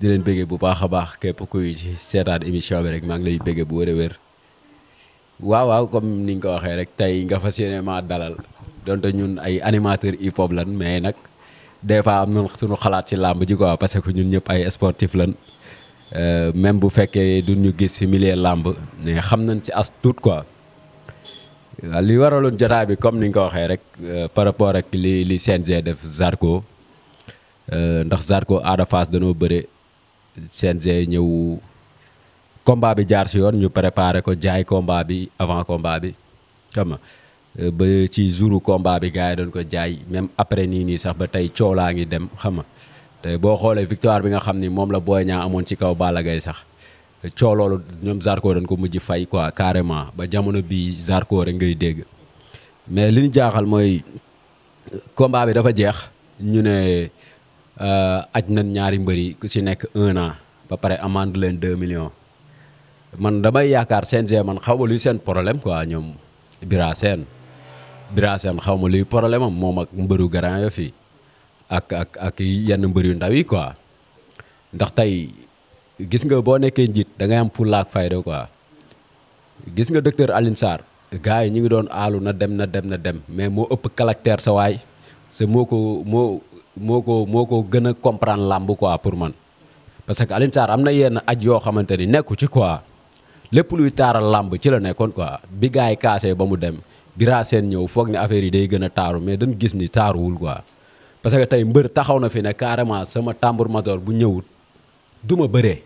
di leen bëggee bu baax a baax képp kuy seetaan émission bi rek maa ngi lay bëggee bu wér a wér waaw waaw comme ni ko waxee rek tey nga fa yéene maa dalal donte ñun ay animateur hip lan mais nag des fois am na suñu xalaat ci làmb ji quoi parce que ñun ñëpp ay sportif lan euh, même bu fekkee du ñu gis si milieu làmb mais xam nañ ci as tuut quoi li waraloon jotaay bi comme ni nga ko waxee rek euh, par rapport ak li li CNG def Zarko euh, ndax Zarko Ada Fass danoo bëre. CNG ñëw combat bi jaar si yoon ñu préparé ko jaay combat bi avant combat bi xam euh, ba ci jouru combat bi gars yi doon ko jaay même après nii nii sax ba tey coow laa ngi dem xama te boo xoolee victoire bi nga xam ni moom la Boy ñaa amoon ci kaw Balla gay sax coow loolu ñoom Zarko dañ ko mujj fay ko carrément ba jamono bii Zarko rek ngay dégg mais li ñu jaaxal mooy combat bi dafa jeex ñu ne Euh, aj na ñaari mbër yi ku si nekk un ba pare amande leen deux millions man damay yaakaar CNG man xaw ma luy seen problème quoi ñoom Bira Sène Bira Sène xaw ma luy problème am moom ak mbëru Grand Yoff yi ak ak ak yenn mbër yu ndaw yi quoi ndax tey gis nga boo nekkee njiit da ngay am fulla ak fayda quoi gis nga docteur Alioune Sarr gars yi ñu ngi doon aalu na dem na dem na dem mais moo ëpp caractère sa waay sa moo ko moo moo ko moo ko gën a comprendre làmb quoi pour man parce que Alioune am na yenn aj yoo xamante ni nekku ci quoi lépp luy taaral làmb ci la nekkoon quoi bi gars yi kaasee ba mu dem bira seen ñëw foog ne affaire yi day gën a taaru mais dañ gis ni taaruwul quoi parce que tey mbër taxaw na fi ne carrément sama tambour major bu ñëwut du ma bëree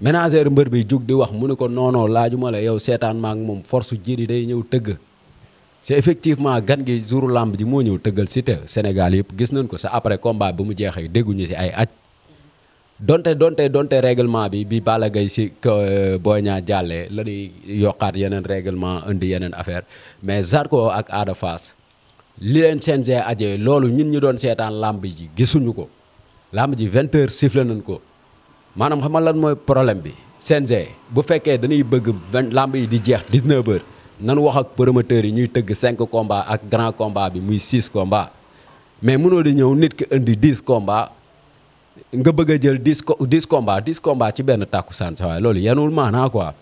ménagère mbër bi jug di wax mu ne ko noonoo laaju ma la yow seetaan ma ak moom force yi day ñëw tëgg c'est effectivement gan gi jouru lamb ji moo ñëw tëggal Siteu Sénégal yëpp gis nañ ko sa après combat bu mu jeex jeexee dégguñu si ay aj donte donte donte règlement bi bi bala Gaye si euh, Boy Niang jàllee la yokkaat yeneen règlement indi yeneen affaire mais Zarko ak Ada Fass li leen CNG ajee loolu ñun ñu doon seetaan lamb ji gisuñu ko lamb ji 20 heures nañ ko maanaam xam nga lan mooy problème bi CNG bu fekkee dañuy bëgg lamb yi di jeex 19 heures nan wax ak promoteurs yi ñuy tëgg cinq combat ak grand combat bi muy six combat mais mënoo di ñëw nit ki indi dix combat nga bëgg a jël dix dix combat dix combat ci benn tàkkusaan sa waay loolu yenul maanaa quoi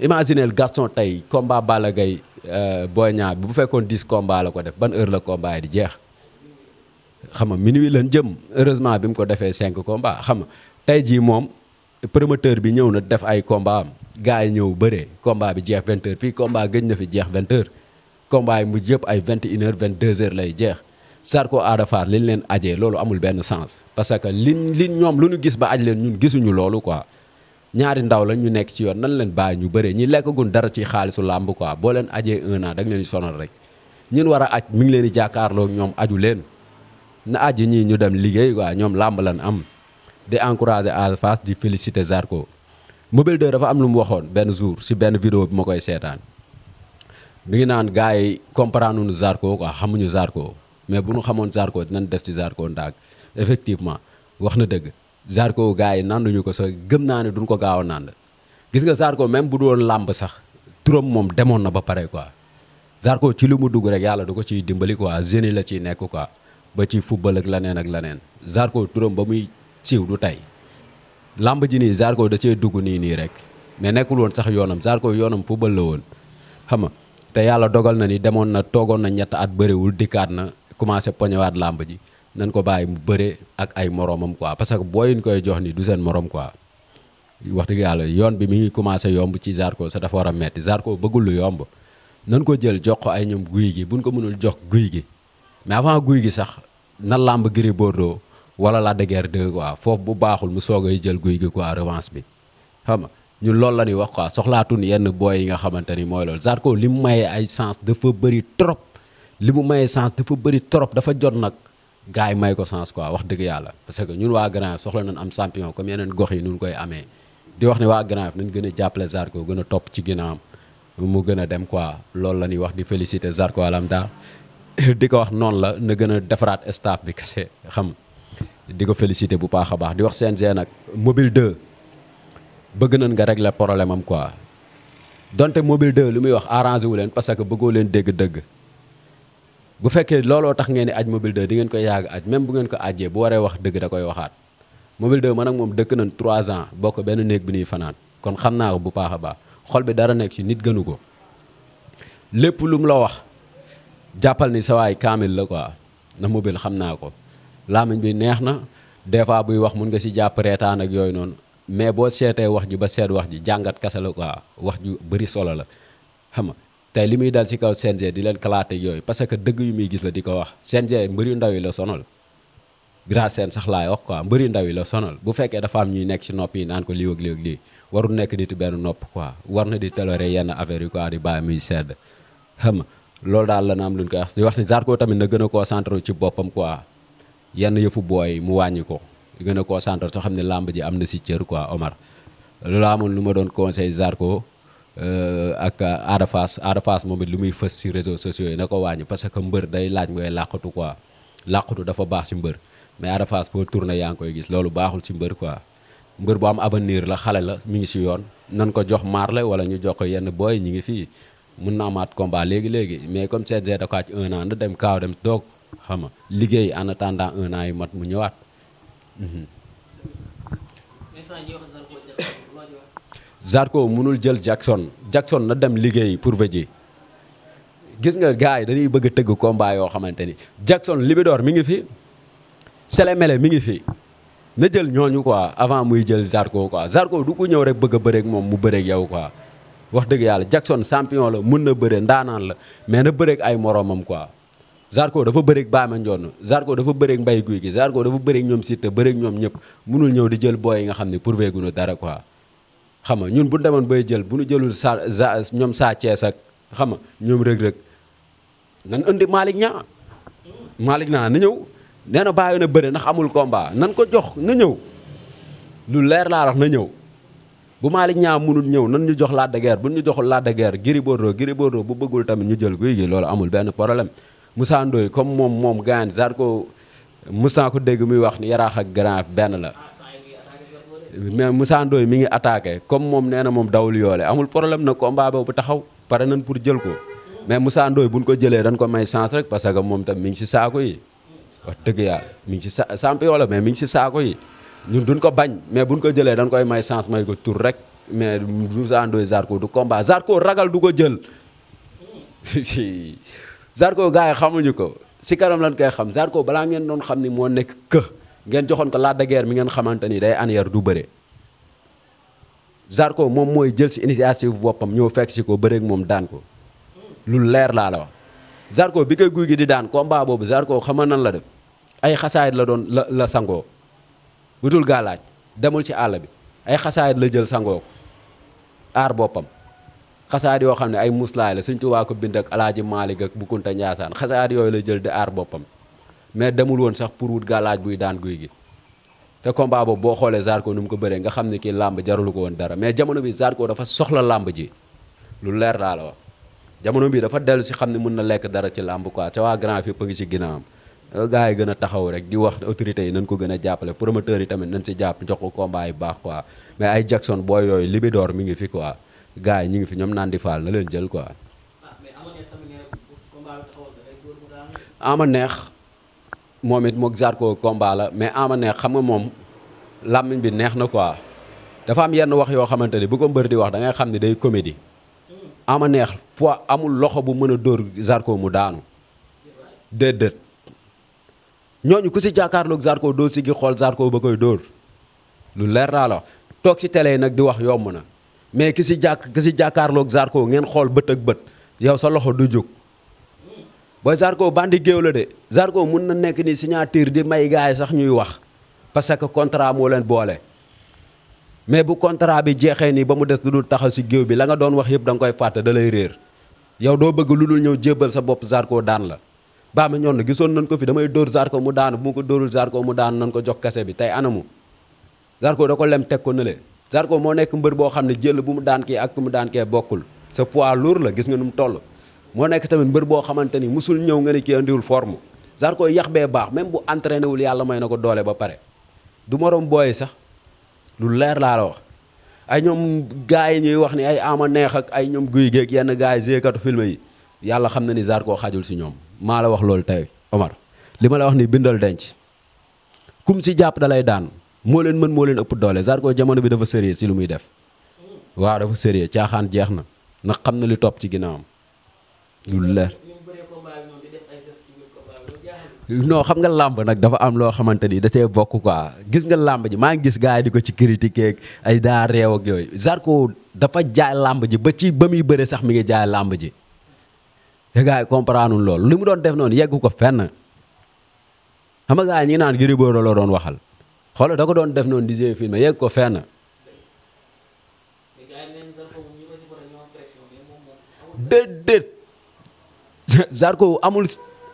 imagineel Gaston tey combat Balla Gaye euh, Boy Niang bu fekkoon dix combat la ko def ban heure la combat yi di jeex xam nga minuit lan jëm heureusement bi mu ko defee cinq combat xam nga tey jii moom promoteur bi ñëw na def ay combat am gars yi ñëw bëree combat bi jeex vingt fii combat gëj na fi jeex vingt heures combat yi mujj yëpp ay vingt et une heures vingt deux heures lay jeex Zarko Ada Fass liñ leen ajee loolu amul benn sens parce que liñ liñ ñoom lu ñu gis ba aj leen ñun gisuñu loolu quoi ñaari ndaw la ñu nekk ci yoon nan leen bàyyi ñu bëree ñi lekkagun dara ci xaalisu làmb quoi boo leen ajee un an leen di sonal rek ñun war a aj mi ngi leen di jàkkaarloo ñoom aju leen na aji ñii ñu dem liggéey quoi ñoom làmb lan am di encourager Ada Fass di féliciter Zarko Mobile de dafa am lu mu waxoon benn jour si benn vidéo bi ma koy seetaan mi ngi naan gars yi comprendre nu Zarko xamuñu Zarko mais bu ñu xamoon Zarko dinañ def ci Zarko ndaag effectivement wax na dëgg Zarko gars yi nanduñu ko sa gëm naa ne duñ ko gaaw a nand gis nga Zarko même bu doon làmb sax turam moom demoon na ba pare quoi Zarko ci li mu dugg rek yàlla du ko ciy dimbali quoi jeunes la ciy nekk quoi ba ci football ak leneen ak leneen Zarko turam ba muy siiw du tey. làmb ji nii Zarko da cee dugg nii nii rek mais nekkul woon sax yoonam Zarko yoonam football la woon xam nga te yàlla dogal na ni demoon na toogoon na ñett at bëriwul dikkaat na commencé poñewaat làmb ji nañ ko bàyyi mu bëre ak ay moromam quoi parce que booyin koy jox nii du seen morom quoi wax dëgg yàlla yoon bi mi ngi commencé yomb ci Zarko sa dafa war a metti Zarko bëggul lu yomb nan ko jël jox ko ay ñoom guy gi buñ ko mënul jox guy gi mais avant guy gi sax na làmb Gris Bordeaux wala Lac de Guiers quoi foofu bu baaxul mu soogay jël guy gi quoi revanche bi xam ñu ñun loolu la ñuy wax quoi soxlaatun yenn booy yi nga xamante ni mooy loolu sarko li mu mayee ay chance dafa bëri trop li mu mayee chance dafa bëri trop dafa jot nag gars yi may ko chance quoi wax dëgg yàlla parce que ñun waa Grand Yoff soxla na am champion comme yeneen gox yi nun koy amee di wax ne waa Grand Yoff nañ gën a jàppale Zarko gën a topp ci ginnaam mu gën a dem quoi loolu la ñuy wax di féliciter Zarko Alamdar di ko wax noonu la na gën a defaraat staff bi kese xam di ko féliciter bu paax a baax di wax CNG nag mobile de bëgg nañ nga régler problème am quoi donte mobile de lu muy wax arrangé wu leen parce que bëggoo leen dégg-dëgg bu fekkee looloo tax ngeen di aj mobile 2 di ngeen ko yàgg aj même bu ngeen ko ajjee bu waree wax dëgg da koy waxaat mobile 2 man nag moom dëkk nañ 3 ans bokk benn néeg bi ñuy fanaan kon xam naa ko bu baax a baax xol bi dara nekk ci nit gënu ko lépp lu mu la wax jàppal ni sa waay la quoi na mobile xam naa ko. làmmiñ bi neex na des fois buy wax mun nga si jàpp reetaan ak yooyu noonu mais boo seetee wax ji ba seet wax ji jàngat kese la quoi wax ju bëri solo la xam nga tey li muy dal si kaw CNG di leen kalaate yooyu parce que dëgg yu muy gis la di ko wax CNG mbër yu ndaw yi la sonal grâce seen sax laay wax quoi mbër yu ndaw yi la sonal bu fekkee dafa am ñuy nekk ci nopp yi naan ko lii ak lii ak lii warul nekk nit benn nopp quoi war na di toléré yenn affaire yi quoi di bàyyi muy sedd xam nga loolu daal la na am lu koy wax di wax ni Zarko tamit na gën a concentré ci boppam quoi. yenn yëfu booy mu wàññi ko gën a concentré soo xam ne làmb ji am na si cër quoi Omar loolu amoon lu ma doon conseil Zarko euh, ak Ada Fass Ada Fass lu muy fës si réseaux sociaux yi na ko wàññi parce que mbër day laaj ngay làqatu quoi làqatu dafa baax si mbër mais Ada Fass foo tourné yaa ngi koy gis loolu baaxul ci mbër quoi mbër bu am avenir la xale la mu ngi si yoon nan ko jox marle wala ñu jox ko yenn booy ñi ngi fii mun na amaat combat léegi-léegi mais comme CNG da ko aj un an dem kaaw dem toog xam nga liggéey en attendant un yu mat mu ñëwaat. Mhm. Zarko mënul jël Jackson Jackson na dem liggéey pour ji gis nga gars yi dañuy bëgg a tëgg combat yoo xamante ni Jackson Libidor mi ngi fi Selemele mi ngi fi na jël ñooñu quoi avant muy jël Zarko quoi Zarko du ko ñëw rek bëgg a moom mu bëreeg yow quoi wax dëgg yàlla Jackson champion la mun na bëre ndaanaan la mais na bëreek ay moromam quoi. Zarko dafa bëreeg Baama Ndione Zarko dafa bëreeg Mbaye Guy gi Zarko dafa bëreeg ñoom Siteu bëreeg ñoom ñëpp munul ñëw di jël booy yi nga xam ni prouvé gu ñu dara ko xam nga ñun bu ñu demoon bay jël bu ñu jëlul sa ñoom saa Thiès ak xam nga ñoom rëg-rëg nan indi Malick ñaa Malick naa na ñëw nee na bàyyi na bëre ndax amul combat nan ko jox na ñëw lu leer laa rax na ñëw. bu Malick ñaa mënul ñëw nan ñu jox Lac de Guiers bu ñu joxul Lac de Guiers Gris Bordeaux Gris bu bëggul tamit ñu jël guy gi loolu amul benn problème. Moussa Ndoye comme moom moom gaan genre ko mës naa ko dégg muy wax ni yaraax ak grand benn la mais Moussa Ndoye mi ngi attaqué comme moom nee na moom dawul yoole amul problème na combat boobu taxaw pare nañ pour jël ko mais Moussa Ndoye buñ ko jëlee dañ ko may chance rek parce que moom tam mi ngi si saako yi wax dëgg yàlla mi ngi si sa champion la mais mi ngi si saako yi ñun duñ ko bañ mais buñ ko jëlee dañ koy may chance may ko tur rek mais Moussa Ndoye Zarko du combat Zarko ragal du ko jël Zarko gars yi xamuñu ko si kanam lan koy xam Zarko balaa ngeen doon xam ni moo nekk kë ngeen joxoon ko laaj de guerre ngeen xamante ni day aneer du bëre. Zarko moom mooy jël si initiative boppam ñëw fekk si ko bëreeg moom daan ko lu leer laa la wax. Zarko bi koy guy gi di daan combat boobu Zarko xama nan la def ay xasaayit la doon la la sangoo wutul gaalaaj demul ci àll bi ay xasaayit la jël sangoo ko aar boppam. xasaat yoo xam ne ay muslaay la Sëñ Tuubaa ko bind ak alaaji Maalik ak bu Njaasaan xasaat yooyu la jël di aar boppam mais demul woon sax pour wut gàllaaj buy daan guy gi te combat boobu boo xoolee Zarko nu mu ko bëree nga xam ne kii làmb jarul ko woon dara mais jamono bi Zarko dafa soxla làmb ji lu leer laa la wax jamono bi dafa dellu si xam ne mën na lekk dara ci làmb quoi ca waa grand fépp a ngi si ginnaawam gars yi gën a taxaw rek di wax autorités yi nañ ko gën a jàppale promoteurs yi tamit nañ si jàpp jox ko combat yi mais ay Jackson booy yooyu libidoor mi ngi fi quoi gars yi ñu ngi fi ñoom naan di faal na leen jël quoi. Ah, ama neex moom it moog Zarko combat mais mais ama neex xam nga moom làmmiñ bi neex na ko quoi dafa am yenn wax yoo xamante ni bu ko mbër di wax da ngay xam ni day am hmm. ama neex pois amul loxo bu mën a dóor Zarko mu daanu déedéet ñooñu ku si jàkkaarloog sarko doo si gi xool Zarko ba koy dóor lu leer laa toog si tele yi nag di wax yomb na mais ki si jàkk ki si jàkkaarloog Zarko ngeen xool bët ak bët yow sa loxo du jóg booy Zarko bandi géew la de Zarko mun na nekk ni signature di may gars sax ñuy wax parce que contrat moo leen boole mais bu contrat bi jeexee nii ba mu des lu dul taxaw si géew bi la nga doon wax yëpp da nga koy fàtte da lay réer yow doo bëgg lu dul ñëw jébbal sa bopp Zarko daan la baa ma ñoon na gisoon nañ ko fi damay dóor Zarko mu daanu bu mu ko dóorul Zarko mu daanu nañ ko jox bi tey anamu Zarko da ko lem teg ko Zarko moo nekk mbër boo xam ne jël bu mu daan kee ak ku mu daan kee bokkul sa poids lourd la gis nga nu mu toll moo nekk tamit mbër boo xamante ni mosul ñëw nga ne kii andiwul forme sarko yax bee baax même bu entraîné wul yàlla may na ko doole ba pare du morom booy sax lu leer laa la wax ay ñoom gars yi ñuy wax ni ay ama neex ak ay ñoom guy géeg yenn gars yi jéekatu film yi yàlla xam na ni Zarko xajul si ñoom maa la wax loolu tey Omar li ma la wax ni bindal denc kum si jàpp dalay daan moo leen mën moo leen ëpp doole Zarko jamono bi dafa sérieux si lu muy def waaw dafa sérieux caaxaan jeex na ndax xam na lu topp ci ginnaawam lu leer. xam nga làmb nag dafa am loo xamante ni da cee bokk quoi gis nga làmb ji maa ngi gis gars di ko ci critiquer ay daa reew ak yooyu Zarko dafa jaay làmb ji ba ci ba muy bëre sax mi ngi jaay làmb ji te gars yi comprendre li mu doon def noonu yeggu ko fenn xam nga gars yi ñi ngi naan Gris Bordeaux doon waxal. xoolo da ko doon def noonu di fii ma yegg ko fenn. déedéet Zarko amul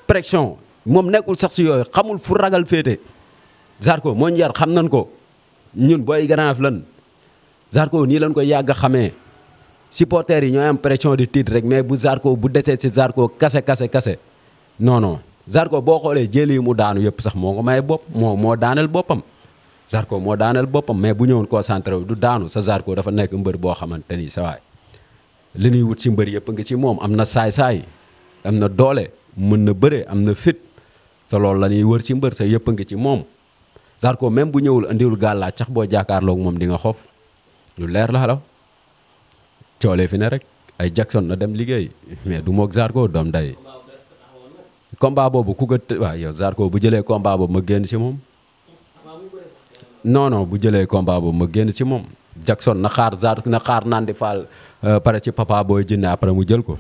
pression moom nekkul sax si yooyu xamul fu ragal féete Zarko moo ñu xam nañ ko ñun booy ganaaf lan Zarko nii lañ koy yàgg xamee supporters yi ñooy am pression de tiit rek mais bu Zarko bu desee si Zarko kase kase kase non non boo xoolee jëli mu daanu yëpp sax moo ko may bopp moo moo daaneel boppam. Zarko moo daaneel boppam mais bu ñëwul koo wu du daanu sa Zarko dafa nekk mbër boo xamante nii sa li nuy wut si mbër yëpp nga ci moom am na saay-saay am na doole mën na bëre am na fit te loolu la wër si mbër sa yëpp nga ci moom Zarko même bu ñëwul andiwul gàllaa cax boo jàkkaarloog moom di nga xof lu leer la xalaw coolee fi ne rek ay Jackson na dem liggéey mais du moog Zarko doom day combat boobu ku ko waa yow Zarko bu jëlee combat boobu ma génn si moom non bu jëlee combat boobu ma génn ci moom Jackson na xaar zaar na xaar naan di faal euh, pare ci papa booy jinne après mu jël ko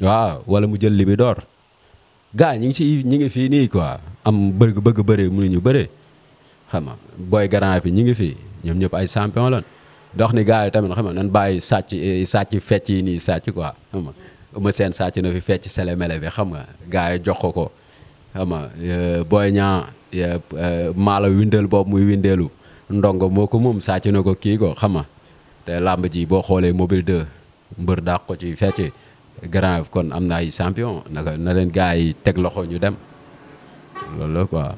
waaw wala mu jël li bi door ñu ngi ci ñu ngi fii nii quoi am bëgg bëgg mu mënuñu bëri xam nga booy garant fi ñu ngi fii ñoom ñëpp ay champion lan dox ni gars yi tamit xam nga bàyyi sàcc eh, sàcc fecc yi nii sàcc quoi xam nga ma seen sàcc na fi fecc selemele bi xam nga gars yi jox ko ko xam nga Boy Niang eh, maala windeel boobu muy windeelu ndongo moo ko moom sàcc na ko kii ko xam te làmb ji boo xoolee mobile 2 mbër dàq ko ci grand kon am na ay champion naka na leen yi teg loxo ñu dem loolu la